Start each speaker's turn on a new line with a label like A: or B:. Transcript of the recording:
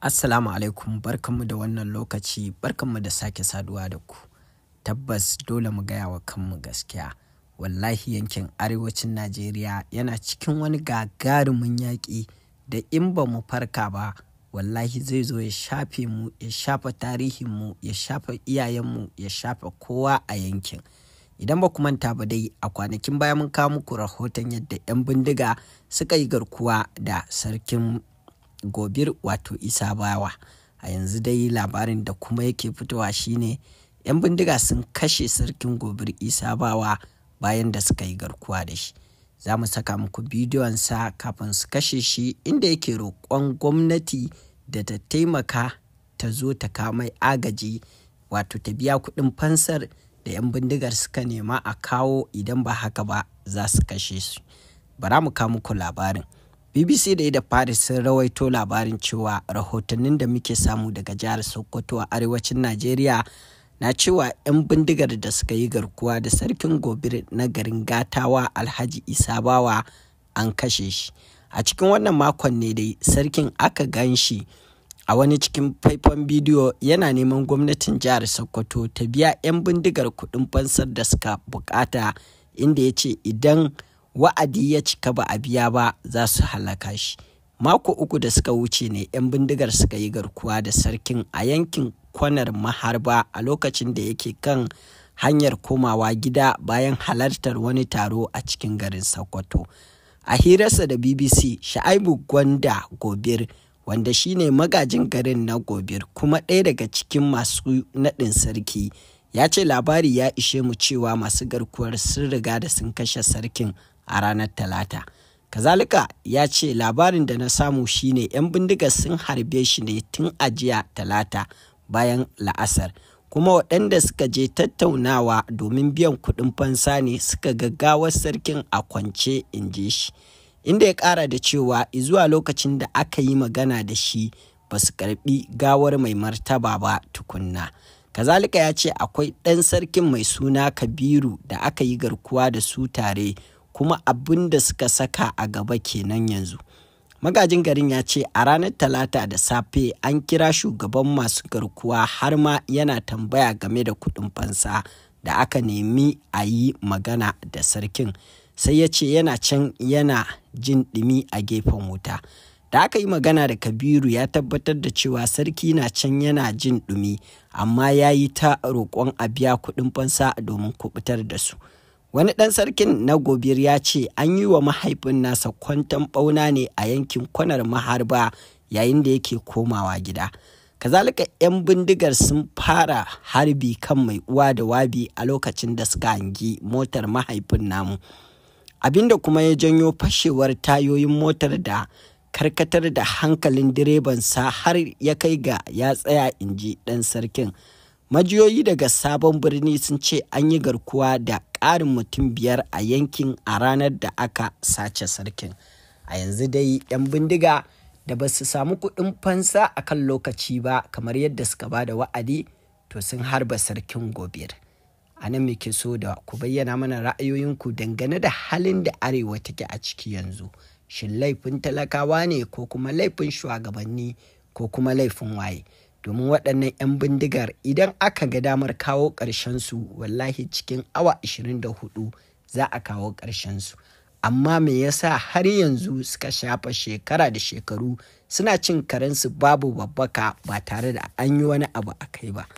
A: Assalamu alaikum barkanmu da wannan lokaci barkanmu da sake saduwa da ku. Tabbas dole mu gaya wa kanmu gaskiya. Wallahi yankin arewacin Najeriya yana cikin wani gagarumin yaƙi da in ba mu farka ba wallahi zai zo ya shafe mu ya shafa tarihinmu ya shafa iyayenmu ya shafa kowa a yankin. Idan ba ku manta ba dai a kwanakin baya mun kawo muku rahoton yadda 'yan bindiga suka yi garkuwa da sarkin gobir wato isa bawa a yanzu dai labarin da kuma yake fitowa shine 'yan bindiga sun kashe sarkin gobir isa bawa bayan da suka yi garkuwa da shi za mu saka muku sa kafin su kashe shi inda yake roƙon gwamnati da ta taimaka ta zo ta kama agaji wato ta biya kuɗin fansar da 'yan bindigar suka nema a kawo idan ba haka ba za su kashe su bara mu kawo muku labarin BBC da da Paris sun rawaito labarin cewa rahotannin da muke samu daga jihar Sokoto a arewacin Najeriya na cewa 'yan bindigar da suka yi garkuwa da sarkin gobir na garin gatawa alhaji isa bawa an kashe shi a cikin wannan makon ne dai sarkin aka gan shi a wani cikin faifan bidiyo yana neman gwamnatin jihar sokoto ta biya 'yan bindigar kuɗin fansar da suka bukata inda ya ce idan wa'adi ya cika ba a biya ba za su halaka shi mako uku da suka wuce ne 'yan bindigar suka yi garkuwa da sarkin a yankin kwanar maharba a lokacin da yake kan hanyar komawa gida bayan halartar wani taro a cikin garin sokoto a hirarsa da bbc sha'aibu gwanda gobir wanda shine magajin garin na gobir kuma ɗaya daga cikin masu naɗin sarki ya ce labari ya ishe mu cewa masu garkuwar sun riga da sun kashe sarkin a ranar Talata. Kazalika ya ce labarin da na samu shine 'yan bindiga sun harbe shi ne tun ajiya Talata bayan la'asar. kuma waɗanda suka je tattaunawa domin biyan kuɗin fansa ne suka gaggawar sarkin a kwance in ji shi inda ya ƙara da cewa zuwa lokacin da aka yi magana da shi ba su karɓi gawar mai martaba ba tukunna kazalika ya ce akwai ɗan sarkin mai suna kabiru da aka yi garkuwa da su tare kuma abin da suka saka a gaba kenan yanzu magajin garin ya ce a ranar talata da safe an kira shugaban masu garkuwa har ma yana tambaya game da kuɗin fansa da aka nemi a yi magana da sarkin sai ya ce yana can yana jin ɗumi a gefen wuta da aka yi magana da kabiru ya tabbatar da cewa sarki na can yana jin dumi amma ya yi ta roƙon a biya kuɗin fansa domin kubutar da su Wani ɗan sarkin na gobir ya ce an yi wa mahaifin nasa kwantan ɓauna ne a yankin kwanar maharba yayin da yake komawa gida. Kazalika 'yan bindigar sun fara harbi kan mai uwa da wabi a lokacin da suka hangi motar mahaifin namu. Abinda kuma ya janyo fashewar tayoyin motar da karkatar da hankalin direbansa har ya kai ga ya tsaya inji ɗan sarkin. Majiyoyi daga Sabon Birni sun ce an yi garkuwa da ƙarin mutum biyar a yankin a ranar da aka sace sarkin. A yanzu dai 'yan bindiga da ba su samu kuɗin fansa a kan lokaci ba kamar yadda suka ba da wa'adi to sun harba sarkin gobir. A nan muke so da ku bayyana mana ra'ayoyinku dangane da halin da arewa take a ciki yanzu. Shin laifin talakawa ne ko kuma laifin shugabanni ko kuma laifin waye? domin waɗannan 'yan bindigar idan aka ga damar kawo ƙarshen su wallahi cikin awa 24 za a kawo ƙarshen su amma me yasa har yanzu suka shafa shekara da shekaru suna cin karensu babu babbaka ba tare da an yi wani abu a kai ba